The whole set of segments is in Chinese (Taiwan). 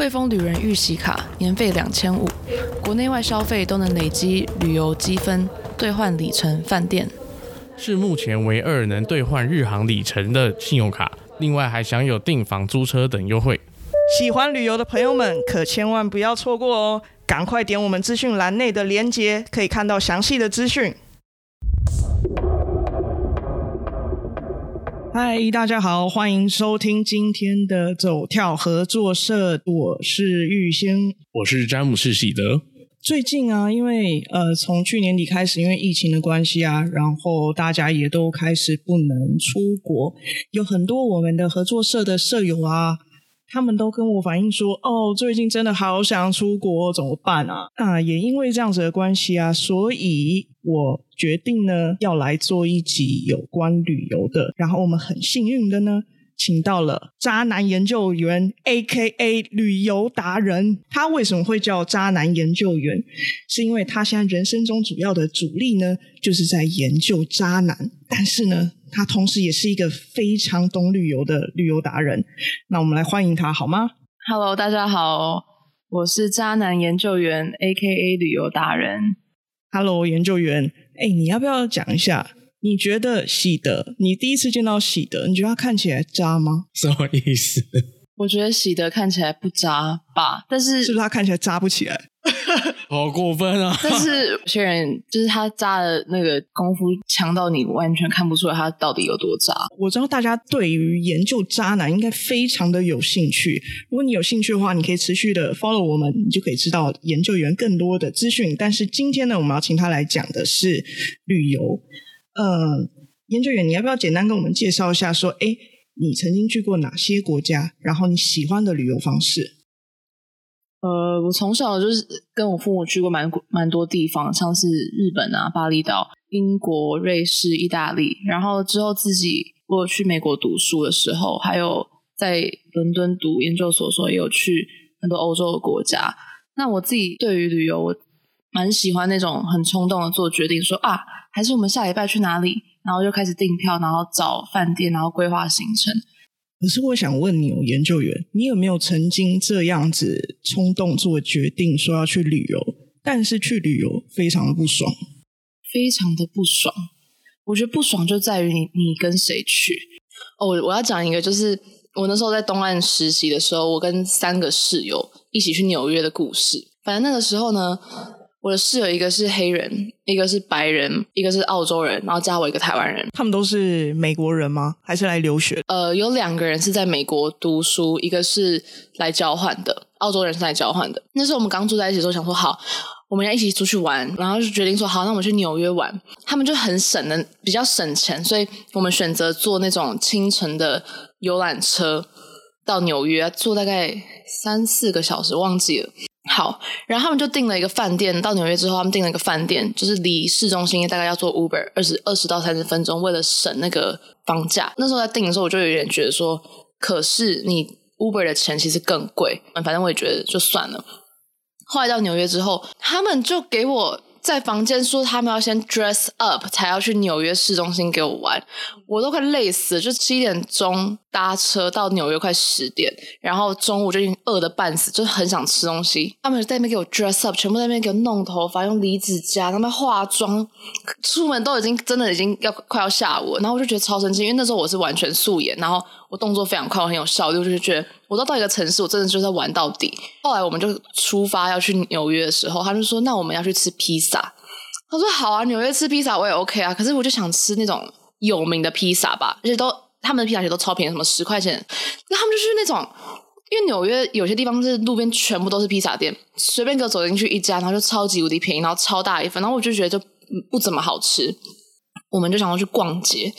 匯豐旅人御璽卡年費兩千五，國內外消費都能累積旅遊積分，兌換里程、飯店。是目前唯二能兌換日航里程的信用卡，另外還享有訂房、租車等優惠。喜歡旅遊的朋友們可千萬不要錯過哦！趕快點我們資訊欄內的鏈接，可以看到詳細的資訊。嗨，Hi, 大家好，歡迎收聽今天的走跳合作社。我是玉仙，我是詹姆斯喜德。最近啊，因為呃，從去年底開始，因為疫情的關係啊，然後大家也都開始不能出國，嗯、有很多我們的合作社的社友啊。他們都跟我反映說：“哦，最近真的好想出國，怎麼辦啊？”啊，也因為這樣子的關係啊，所以我決定呢，要來做一集有關旅遊的。然後我們很幸運的呢，請到了渣男研究員，aka 旅遊達人。他為什麼會叫渣男研究員？是因為他現在人生中主要的主力呢，就是在研究渣男。但是呢，他同時也是一個非常懂旅遊的旅遊達人，那我們來歡迎他好嗎？Hello，大家好，我是渣男研究員，AKA 旅遊達人。Hello，研究員，哎、欸，你要不要講一下？你覺得喜德，你第一次見到喜德，你覺得他看起來渣嗎？什麼意思？我覺得喜德看起來不渣吧，但是是不是他看起來渣不起來？好過分啊！ 但是有些人就是他渣的那個功夫強到你完全看不出來他到底有多渣。我知道大家對於研究渣男應該非常的有興趣。如果你有興趣的話，你可以持續的 follow 我們，你就可以知道研究員更多的資訊。但是今天呢，我們要請他來講的是旅遊。呃，研究員，你要不要簡單跟我們介紹一下？說，哎，你曾經去過哪些國家？然後你喜歡的旅遊方式？呃，我從小就是跟我父母去過蠻蠻多地方，像是日本啊、巴厘島、英國、瑞士、意大利，然後之後自己我有去美國讀書的時候，還有在倫敦讀研究所，所以有去很多歐洲的國家。那我自己對於旅遊，我蠻喜歡那種很衝動的做決定說，說啊，還是我們下禮拜去哪裡？然後就開始訂票，然後找飯店，然後規劃行程。可是我想問你，研究員，你有沒有曾經這樣子衝動做決定，說要去旅遊，但是去旅遊非常的不爽，非常的不爽。我覺得不爽就在於你，你跟誰去？哦，我我要講一個，就是我那時候在東岸實習的時候，我跟三個室友一起去紐約的故事。反正那個時候呢。我的室友一個是黑人，一個是白人，一個是澳洲人，然後加我一個台灣人。他們都是美國人嗎？還是來留學的？呃，有兩個人是在美國讀書，一個是來交換的，澳洲人是來交換的。那時候我們剛住在一起的時候，想說好，我們要一起出去玩，然後就決定說好，那我們去紐約玩。他們就很省的，比較省錢，所以我們選擇坐那種清晨的遊覽車到紐約，坐大概三四個小時，忘記了。好，然後他們就訂了一個飯店。到紐約之後，他們訂了一個飯店，就是離市中心大概要坐 Uber 二十二十到三十分鐘，為了省那個房價。那時候在訂的時候，我就有點覺得說，可是你 Uber 的錢其實更貴。反正我也覺得就算了。後來到紐約之後，他們就給我。在房間說他們要先 dress up 才要去紐約市中心給我玩，我都快累死了。就七點鐘搭車到紐約快十點，然後中午就已經餓得半死，就很想吃東西。他們就在那邊給我 dress up，全部在那邊給我弄頭髮，用離子夾，他們化妝，出門都已經真的已經要快要下午了。然後我就覺得超生氣，因為那時候我是完全素顏，然後。我動作非常快，我很有效率，我就就是覺得，我到到一個城市，我真的就是在玩到底。後來我們就出發要去紐約的時候，他就說：“那我們要去吃披薩。”他說：“好啊，紐約吃披薩我也 OK 啊。”可是我就想吃那種有名的披薩吧，而且都他們的披薩其實都超便宜，什麼十塊錢。那他們就是那種，因為紐約有些地方是路邊全部都是披薩店，隨便給我走進去一家，然後就超級無敵便宜，然後超大一份，然後我就覺得就不怎麼好吃。我們就想要去逛街，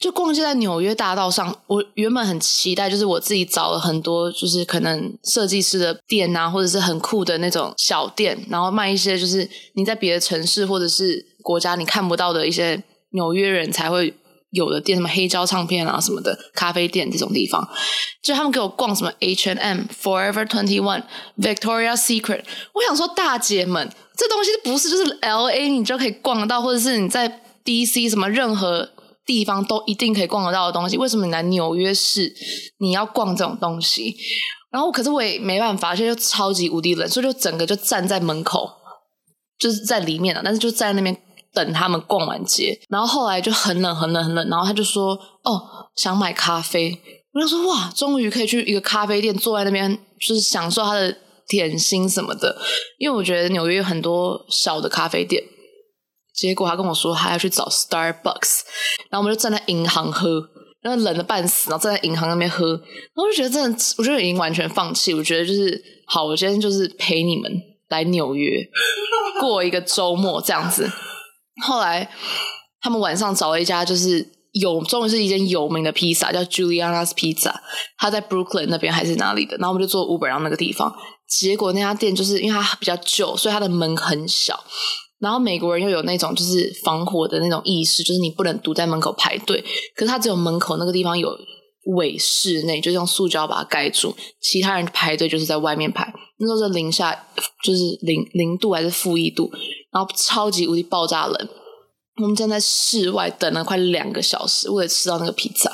就逛街在紐約大道上。我原本很期待，就是我自己找了很多，就是可能設計師的店啊，或者是很酷的那種小店，然後賣一些就是你在別的城市或者是國家你看不到的一些紐約人才會有的店，什麼黑膠唱片啊什麼的，咖啡店這種地方。就他們給我逛什麼 H and M、Forever Twenty One、Victoria Secret，我想說大姐們，這東西不是就是 LA 你就可以逛到，或者是你在。DC 什麼任何地方都一定可以逛得到的東西，為什麼你來紐約市你要逛這種東西？然後，可是我也沒辦法，現在又超級無敵冷，所以就整個就站在門口，就是在裡面了，但是就站在那邊等他們逛完街。然後後來就很冷，很冷，很冷。然後他就說：“哦，想買咖啡。”我就說：“哇，終於可以去一個咖啡店，坐在那邊就是享受他的點心什麼的。”因為我覺得紐約有很多小的咖啡店。結果他跟我說他要去找 Starbucks，然後我們就站在銀行喝，然後冷得半死，然後站在銀行那邊喝，然後我就覺得真的，我就已經完全放棄，我覺得就是好，我今天就是陪你們來紐約過一個周末這樣子。後來他們晚上找了一家就是有，終於是一間有名的披薩叫 Juliana's Pizza，他在 Brooklyn 那邊還是哪裡的，然後我們就坐 Uber 到那個地方。結果那家店就是因為它比較舊，所以它的門很小。然後美國人又有那種就是防火的那種意識，就是你不能堵在門口排隊，可是他只有門口那個地方有偽室內，就是用塑膠把它蓋住，其他人排隊就是在外面排。那時候是零下，就是零零度還是負一度，然後超級無敵爆炸冷。我們站在室外等了快兩個小時，為了吃到那個披薩。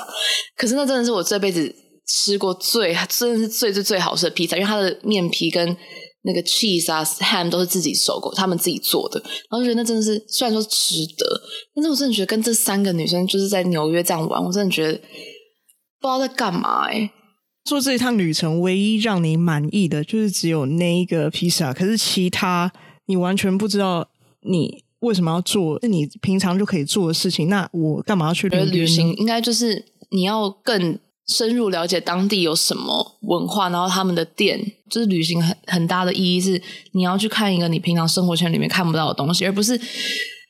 可是那真的是我這輩子吃過最，真的是最最最好吃的披薩，因為它的麵皮跟。那個 cheese 啊，ham 都是自己手工，他們自己做的，然後就覺得那真的是，雖然說值得，但是我真的覺得跟這三個女生就是在紐約這樣玩，我真的覺得不知道在幹嘛欸。做這一趟旅程，唯一讓你滿意的，就是只有那一個披薩，可是其他你完全不知道你為什麼要做，是你平常就可以做的事情。那我幹嘛要去旅行？旅行應該就是你要更。深入了解當地有什麼文化，然後他們的店就是，旅行很很大的意義是你要去看一個你平常生活圈裡面看不到的東西，而不是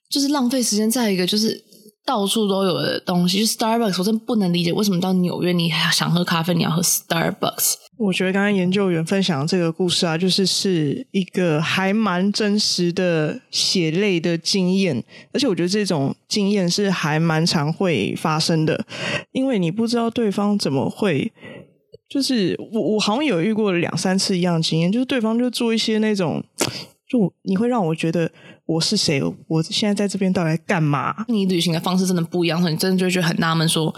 就是浪費時間在一個就是到處都有的東西，就是、Starbucks，我真的不能理解為什麼到紐約你想喝咖啡你要喝 Starbucks。我覺得剛剛研究員分享的這個故事啊，就是是一個還蠻真實的血淚的經驗，而且我覺得這種經驗是還蠻常會發生的，因為你不知道對方怎麼會，就是我我好像有遇過兩三次一樣的經驗，就是對方就做一些那種，就你會讓我覺得我是誰，我現在在這邊到底幹嘛？你旅行的方式真的不一樣，所以你真的就會覺得很納悶說。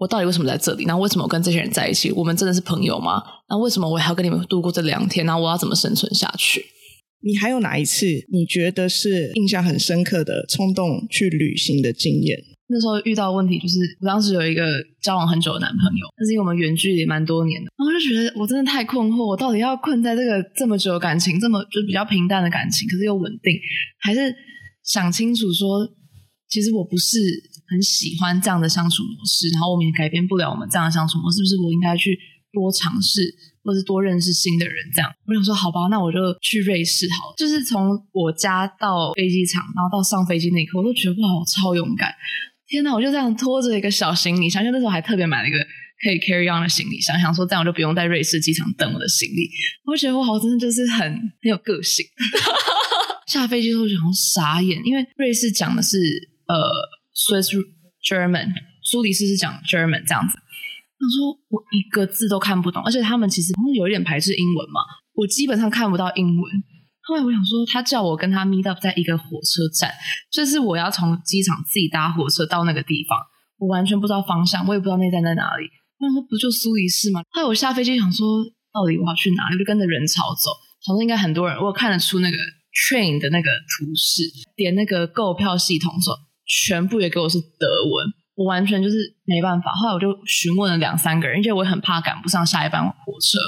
我到底為什麼在這裡？然後為什麼我跟這些人在一起？我們真的是朋友嗎？那為什麼我還要跟你們度過這兩天？然後我要怎麼生存下去？你還有哪一次你覺得是印象很深刻的衝動去旅行的經驗？那時候遇到問題就是，我當時有一個交往很久的男朋友，但是因為我們遠距離蠻多年的，然後就覺得我真的太困惑，我到底要困在這個這麼久的感情，這麼就比較平淡的感情，可是又穩定，還是想清楚說，其實我不是。很喜歡這樣的相處模式，然後我們也改變不了我們這樣的相處模式，是不是？我應該去多嘗試，或是多認識新的人？這樣我想說，好吧，那我就去瑞士。好了，就是從我家到飛機場，然後到上飛機那一刻，我都覺得哇，我超勇敢！天哪，我就這樣拖着一個小行李箱，因為那時候還特別買了一個可以 carry on 的行李箱，想想說這樣我就不用在瑞士機場等我的行李。我覺得我好真的就是很很有個性。 下飛機之後，然後傻眼，因為瑞士講的是呃。Swiss German，蘇黎世是講 German 這樣子。我想說，我一個字都看不懂，而且他們其實他們有一點排斥英文嘛。我基本上看不到英文。後來我想說，他叫我跟他 meet up 在一個火車站，就是我要從機場自己搭火車到那個地方。我完全不知道方向，我也不知道那站在哪裡？我想說，不就蘇黎世嗎？後來我下飛機想說，到底我要去哪裡？就跟着人潮走，想說應該很多人。我有看得出那個 train 的那個圖示，點那個購票系統的時候。全部也給我是德文，我完全就是沒辦法。後來，我就詢問了兩三個人，因為我很怕趕不上下一班火車。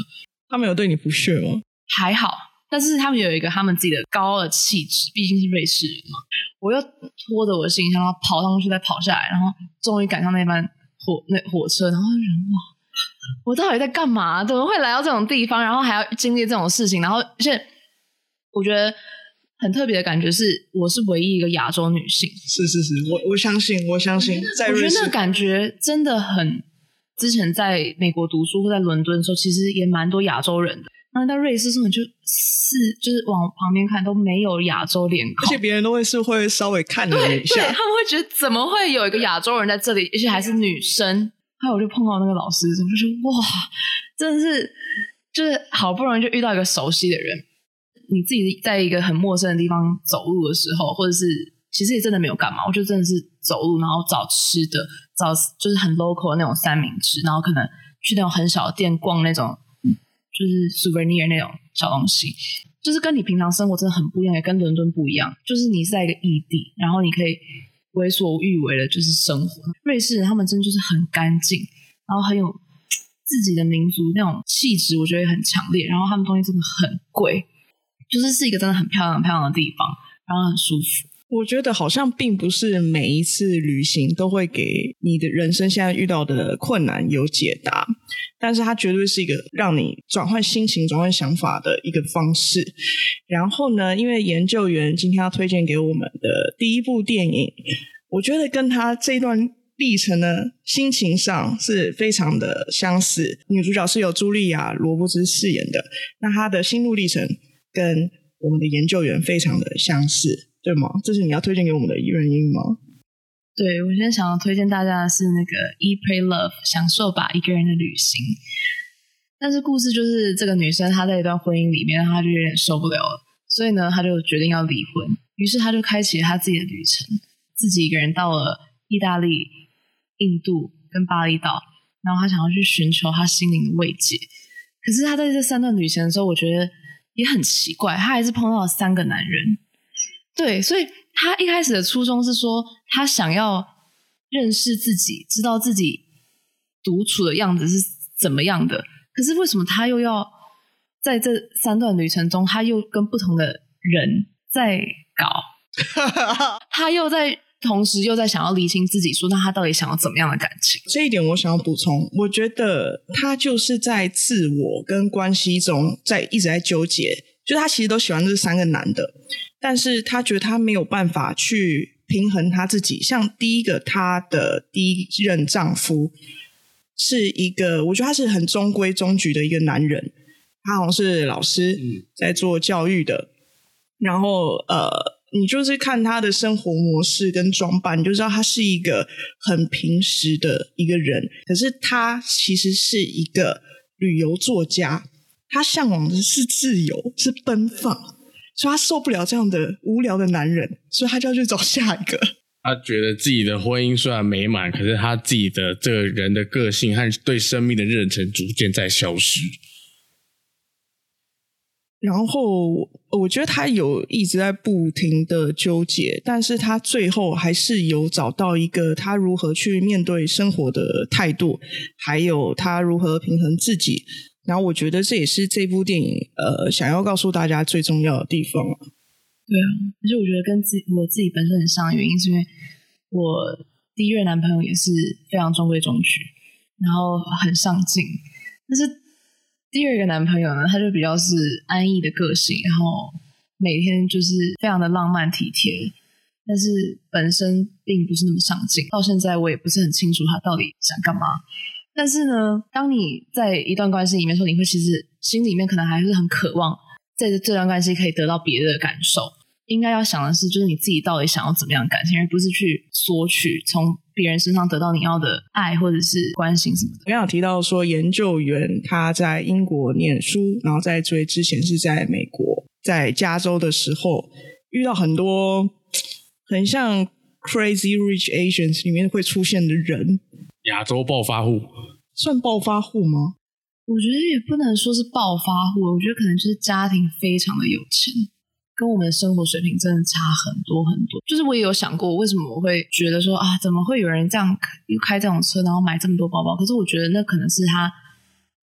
他們有對你不屑嗎？還好，但是他們有一個他們自己的高傲氣質，畢竟是瑞士人嘛。我又拖着我的行李箱，然後跑上去再跑下來，然後終於趕上那班火那火車，然後人哇，我到底在幹嘛？怎麼會來到這種地方？然後還要經歷這種事情？然後而且，現在我覺得。很特別的感覺是，我是唯一一個亞洲女性。是是是，我我相信，我相信。我在瑞士我覺得那個感覺真的很。之前在美國讀書或在倫敦的時候，其實也蠻多亞洲人的。那到瑞士根本就是、是，就是往旁邊看都沒有亞洲臉，而且別人都會是會稍微看你一下，對對，他們會覺得怎麼會有一個亞洲人在這裡，而且還是女生。後來、啊、我就碰到那個老師，我就說哇，真的是，就是好不容易就遇到一個熟悉的人。你自己在一個很陌生的地方走路的時候，或者是其實也真的沒有幹嘛，我就真的是走路，然後找吃的，找就是很 local 的那種三明治，然後可能去那種很小的店逛那種、嗯、就是 souvenir 那種小東西，就是跟你平常生活真的很不一樣，也跟倫敦不一樣，就是你在一個異地，然後你可以為所欲為的就是生活。瑞士人他們真的就是很乾淨，然後很有自己的民族那種氣質，我覺得也很強烈，然後他們東西真的很貴。就是是一個真的很漂亮、很漂亮的地方，然後很舒服。我覺得好像並不是每一次旅行都會給你的人生現在遇到的困難有解答，但是它絕對是一個讓你轉換心情、轉換想法的一個方式。然後呢，因為研究員今天要推薦給我們的第一部電影，我覺得跟他這段歷程呢，心情上是非常的相似。女主角是由茱莉亞·羅伯茲飾演的，那她的心路歷程。跟我們的研究員非常的相似，對嗎？這是你要推薦給我們的原因嗎？對，我今天想要推薦大家的是那個 e《Eat Pray Love》，享受吧，一個人的旅行。但是故事就是這個女生，她在一段婚姻裡面，她就有點受不了了，所以呢，她就決定要離婚。於是她就開啟了她自己的旅程，自己一個人到了意大利、印度跟巴厘島，然後她想要去尋求她心靈的慰藉。可是她在這三段旅程的時候，我覺得。也很奇怪，他還是碰到了三個男人。對，所以他一開始的初衷是說，他想要認識自己，知道自己獨處的樣子是怎麼樣的。可是為什麼他又要在這三段旅程中，他又跟不同的人在搞？ 他又在。同時又在想要釐清自己說，說那他到底想要怎麼樣的感情？這一點我想要補充，我覺得他就是在自我跟關係中在一直在糾結，就是他其實都喜歡這三個男的，但是他覺得他沒有辦法去平衡他自己。像第一個他的第一任丈夫，是一個我覺得他是很中規中矩的一個男人，他好像是老師，在做教育的，嗯、然後呃。你就是看他的生活模式跟裝扮，你就知道他是一個很平時的一個人。可是他其實是一個旅遊作家，他嚮往的是自由，是奔放，所以他受不了這樣的無聊的男人，所以他就要去找下一個。他覺得自己的婚姻雖然美滿，可是他自己的這個人的個性和對生命的熱忱逐漸在消失。然後我覺得他有一直在不停的糾結，但是他最後還是有找到一個他如何去面對生活的態度，還有他如何平衡自己。然後我覺得這也是這部電影呃想要告訴大家最重要的地方。嗯，對啊，其實我覺得跟自我自己本身很像的原因，是因為我第一任男朋友也是非常中規中矩，然後很上進，但是。第二個男朋友呢，他就比較是安逸的個性，然後每天就是非常的浪漫體貼，但是本身並不是那麼上進。到現在我也不是很清楚他到底想幹嘛。但是呢，當你在一段關係裡面說，說你會其實心裡面可能還是很渴望在這這段關係可以得到別的感受。應該要想的是，就是你自己到底想要怎麼樣感情，而不是去索取從別人身上得到你要的愛或者是關心什麼的。剛剛有提到說，研究員他在英國念書，然後在追之前是在美國，在加州的時候遇到很多很像《Crazy Rich Asians》裡面會出現的人。亞洲暴發戶算暴發戶嗎？我覺得也不能說是暴發戶，我覺得可能就是家庭非常的有錢。跟我們的生活水平真的差很多很多，就是我也有想過，為什麼我會覺得說啊，怎麼會有人這樣開這種車，然後買這麼多包包？可是我覺得那可能是他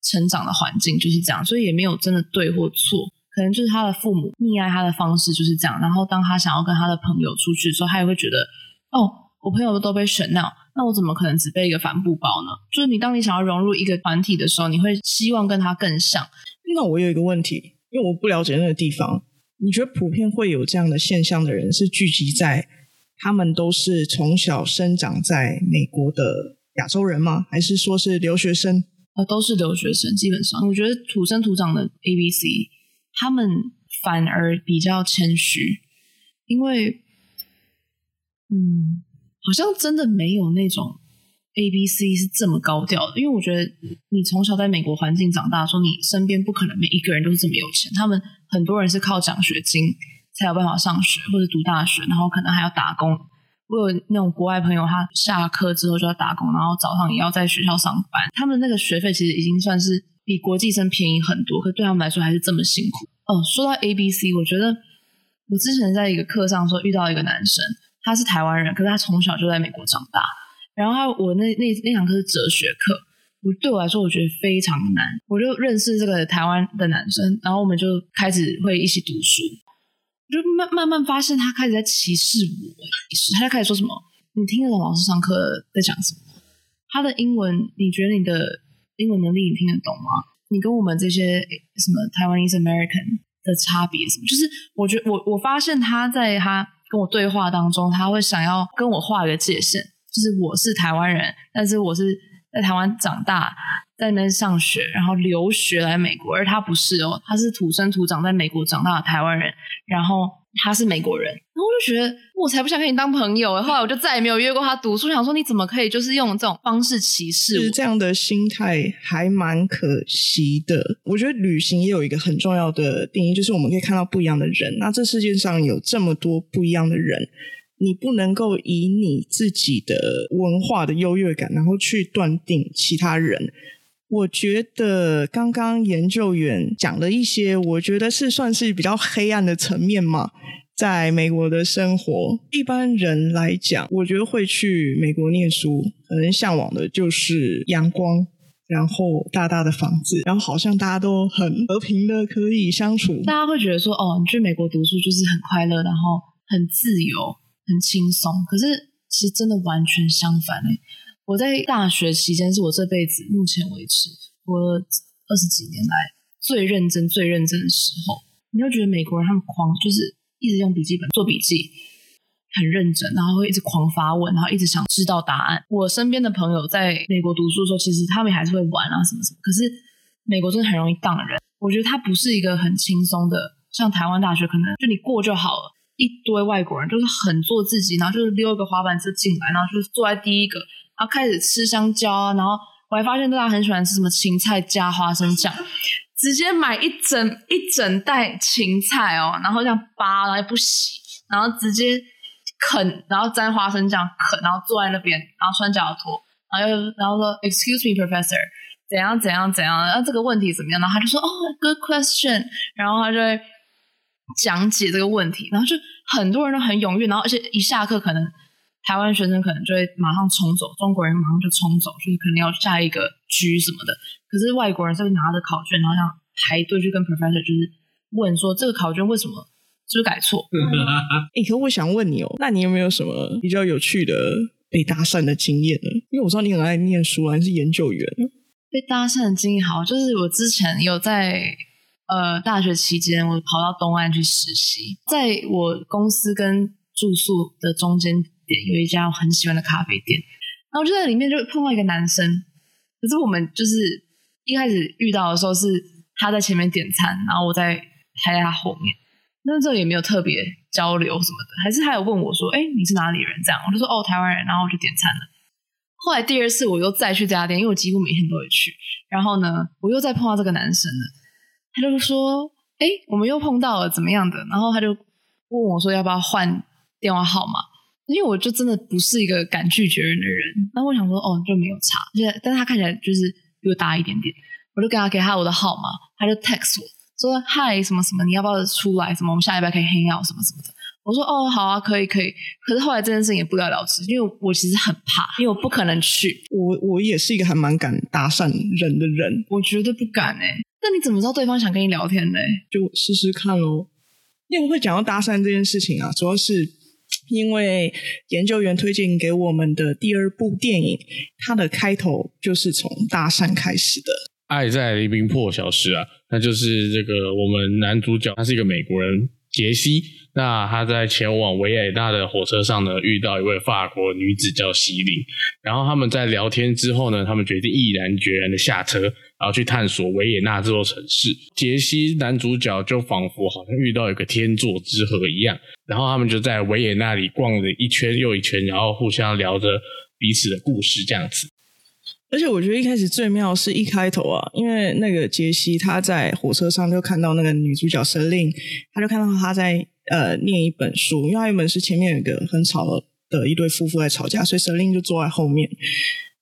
成長的環境就是這樣，所以也沒有真的對或錯，可能就是他的父母溺愛他的方式就是這樣。然後當他想要跟他的朋友出去的時候，他也會覺得哦，我朋友都被選到。那我怎麼可能只背一個帆布包呢？就是你當你想要融入一個團體的時候，你會希望跟他更像。那我有一個問題，因為我不了解那個地方。你覺得普遍會有這樣的現象的人是聚集在他們都是從小生長在美國的亞洲人嗎？還是說是留學生？啊，都是留學生，基本上。我覺得土生土長的 ABC，他們反而比較謙虛，因為嗯，好像真的沒有那種。A B C 是這麼高調的，因為我覺得你從小在美國環境長大的時候，說你身邊不可能每一個人都是這麼有錢，他們很多人是靠獎學金才有辦法上學或者讀大學，然後可能還要打工。我有那種國外朋友，他下課之後就要打工，然後早上也要在學校上班。他們那個學費其實已經算是比國際生便宜很多，可對他們來說還是這麼辛苦。哦，說到 A B C，我覺得我之前在一個課上說遇到一個男生，他是台灣人，可是他從小就在美國長大。然後我那那那堂課是哲學課，我對我來說我覺得非常的難。我就認識這個台灣的男生，然後我們就開始會一起讀書，就慢慢慢發現他開始在歧視我，他就開始說什麼：“你聽得懂老師上課在講什麼？他的英文，你覺得你的英文能力你聽得懂嗎？你跟我們這些什麼台灣 East American 的差別什麼？”就是我覺得我我發現他在他跟我對話當中，他會想要跟我畫一個界限。就是我是台灣人，但是我是在台灣長大，在那上學，然後留學來美國，而他不是哦、喔，他是土生土長在美國長大的台灣人，然後他是美國人，然後我就覺得，我才不想跟你當朋友，欸，後來我就再也沒有約過他讀書。想說你怎麼可以就是用這種方式歧視我？就是這樣的心態還蠻可惜的。我覺得旅行也有一個很重要的定義，就是我們可以看到不一樣的人。那這世界上有這麼多不一樣的人。你不能夠以你自己的文化的優越感，然後去斷定其他人。我覺得剛剛研究員講了一些，我覺得是算是比較黑暗的層面嘛，在美國的生活。一般人來講，我覺得會去美國念書，可能向往的就是陽光，然後大大的房子，然後好像大家都很和平的可以相處。大家會覺得說，哦，你去美國讀書就是很快樂，然後很自由，很輕鬆，可是其實真的完全相反嘞、欸。我在大學期間是我這輩子目前為止，我二十幾年來最認真、最認真的時候。你會覺得美國人他們狂，就是一直用筆記本做筆記，很認真，然後會一直狂發問，然後一直想知道答案。我身邊的朋友在美國讀書的時候，其實他們還是會玩啊，什麼什麼。可是美國真的很容易當人，我覺得它不是一個很輕鬆的，像台灣大學可能就你過就好了。一堆外國人就是很做自己，然後就是溜一個滑板車進來，然後就是坐在第一個，然後開始吃香蕉啊。然後我還發現大家很喜歡吃什麼芹菜加花生醬，直接買一整一整袋芹菜哦，然後這樣扒，然後不洗，然後直接啃，然後沾花生醬啃，然後坐在那邊，然後穿腳托，然後又然後說 Excuse me, Professor，怎樣怎樣怎樣？那、啊、這個問題怎麼樣？然後他就說哦、oh，Good question，然後他就會。講解這個問題，然後就很多人都很踴躍，然後而且一下課，可能台灣學生可能就會馬上衝走，中國人馬上就衝走，就是可能要下一個局什麼的。可是外國人在拿着考卷，然後想排隊去跟 professor，就是問說這個考卷為什麼是不是改錯？哎、嗯 欸，可是我想問你哦，那你有沒有什麼比較有趣的被搭訕的經驗呢？因為我知道你很愛念書啊，你是研究員。被搭訕的經驗好，就是我之前有在。呃，大學期間我跑到東岸去實習，在我公司跟住宿的中間點有一家我很喜歡的咖啡店，然後就在裡面就碰到一個男生。可是我們就是一開始遇到的時候是他在前面點餐，然後我在排在他後面，那這也沒有特別交流什麼的，還是他有問我說：“哎，你是哪裡人？”這樣我就說：“哦，台灣人。”然後我就點餐了。後來第二次我又再去這家店，因為我幾乎每天都會去，然後呢我又再碰到這個男生了。他就說：“哎，我們又碰到了怎麼樣的？”然後他就問我說：“要不要換電話號碼？”因為我就真的不是一個敢拒絕人的人。那我想說，哦，就沒有差，就但是他看起來就是比我大一點點，我就給他給他我的號碼，他就 text 我說：“嗨，什麼什麼，你要不要出來？什麼我們下禮拜可以 hang out 什麼什麼的。”我說哦，好啊，可以可以。可是後來這件事情也不了了之，因為我其實很怕，因為我不可能去。我我也是一個還蠻敢搭訕人的人，我絕對不敢哎。那你怎麼知道對方想跟你聊天呢？就試試看嘍、哦。因為我會講到搭訕這件事情啊？主要是因為研究員推薦給我們的第二部電影，它的開頭就是從搭訕開始的。《愛在黎明破曉時》啊，那就是這個我們男主角，他是一個美國人。杰西，那他在前往維也納的火車上呢，遇到一位法國女子叫西林，然後他們在聊天之後呢，他們決定毅然決然的下車，然後去探索維也納這座城市。杰西男主角就仿佛好像遇到一個天作之合一樣，然後他們就在維也納裡逛了一圈又一圈，然後互相聊着彼此的故事，這樣子。而且我覺得一開始最妙的是一開頭啊，因為那個傑西他在火車上就看到那個女主角 Celine，他就看到他在呃念一本書，因為那本書前面有一個很吵的，一對夫婦在吵架，所以 Celine 就坐在後面，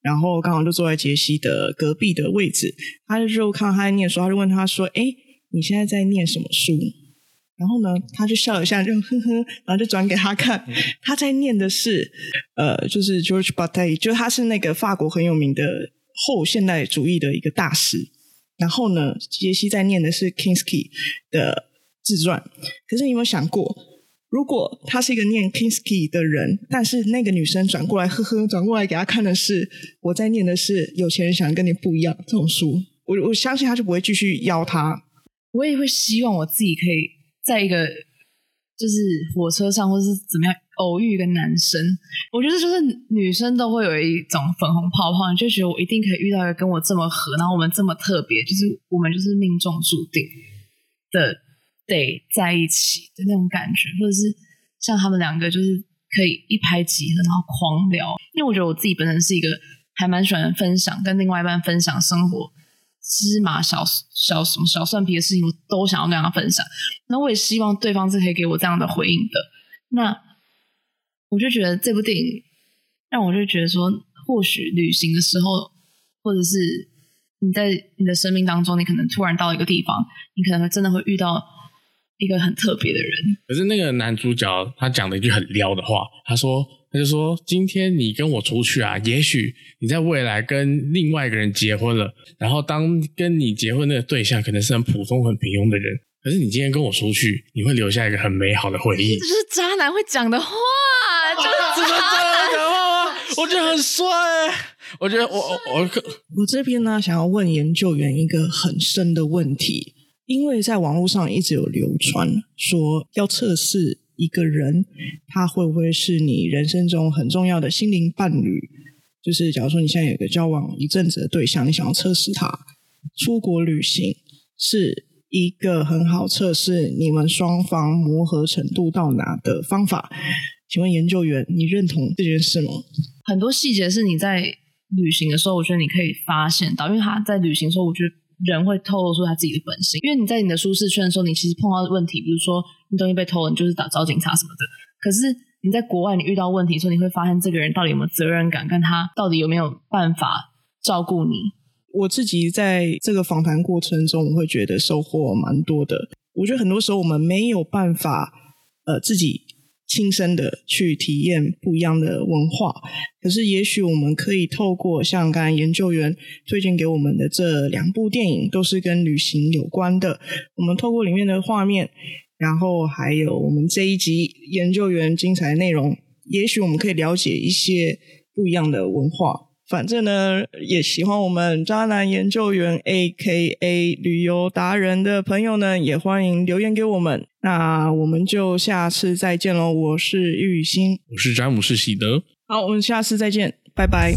然後剛好就坐在傑西的隔壁的位置，他就看到他在念書，他就問他說：“哎，你現在在念什麼書？”然後呢，他就笑了一下，就呵呵，然後就轉給他看。他在念的是，呃，就是 George Bataille，就他是那個法國很有名的後現代主義的一個大師。然後呢，傑西在念的是 Kinski 的自傳。可是你有沒有想過，如果他是一個念 Kinski 的人，但是那個女生轉過來呵呵，轉過來給他看的是我在念的是有錢人想跟你不一樣，這種書，我我相信他就不會繼續邀他。我也會希望我自己可以在一個就是火車上，或者是怎麼樣偶遇一個男生，我覺得就是女生都會有一種粉紅泡泡，你就覺得我一定可以遇到一個跟我這麼合，然後我們這麼特別，就是我們就是命中注定的得在一起的那種感覺，或者是像他們兩個就是可以一拍即合，然後狂聊，因為我覺得我自己本身是一個還蠻喜歡分享，跟另外一半分享生活。芝麻小小什麼小，小蒜皮的事情，我都想要跟他分享。那我也希望對方是可以給我這樣的回應的。那我就覺得這部電影讓我就覺得說，或許旅行的時候，或者是你在你的生命當中，你可能突然到一個地方，你可能真的會遇到一個很特別的人。可是那個男主角他講了一句很撩的話，他說。他就說：“今天你跟我出去啊，也許你在未來跟另外一個人結婚了，然後當跟你結婚那個對象可能是很普通、很平庸的人，可是你今天跟我出去，你會留下一個很美好的回憶。”這是渣男會講的話，就是渣男的話、啊啊，我覺得很帥。是我覺得我是我我,我這邊呢，想要問研究員一個很深的問題，因為在網絡上一直有流傳說要測試。一個人，他會不會是你人生中很重要的心靈伴侶？就是假如說你現在有一個交往一陣子的對象，你想要測試他，出國旅行是一個很好測試你們雙方磨合程度到哪的方法。請問研究員，你認同這件事嗎？很多細節是你在旅行的時候，我覺得你可以發現到，因為他在旅行的時候，我覺得。人會透露出他自己的本性，因為你在你的舒適圈的時候，你其實碰到的問題，比如說你東西被偷了，你就是找找警察什麼的。可是你在國外，你遇到問題的時候，你會發現這個人到底有沒有責任感，跟他到底有沒有辦法照顧你。我自己在這個訪談過程中，我會覺得收穫蠻多的。我覺得很多時候我們沒有辦法，呃，自己。親身的去體驗不一樣的文化，可是也許我們可以透過像剛才研究員推薦給我們的這兩部電影，都是跟旅行有關的。我們透過裡面的畫面，然後還有我們這一集研究員精彩的內容，也許我們可以了解一些不一樣的文化。反正呢，也喜歡我們渣男研究員 aka 旅遊達人的朋友呢，也歡迎留言給我們。那我們就下次再見嘍！我是玉雨欣，我是詹姆士喜德。好，我們下次再見，拜拜。